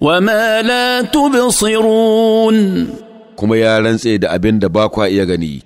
وما لا تبصرون kuma ya rantse da abin da ba kwa iya gani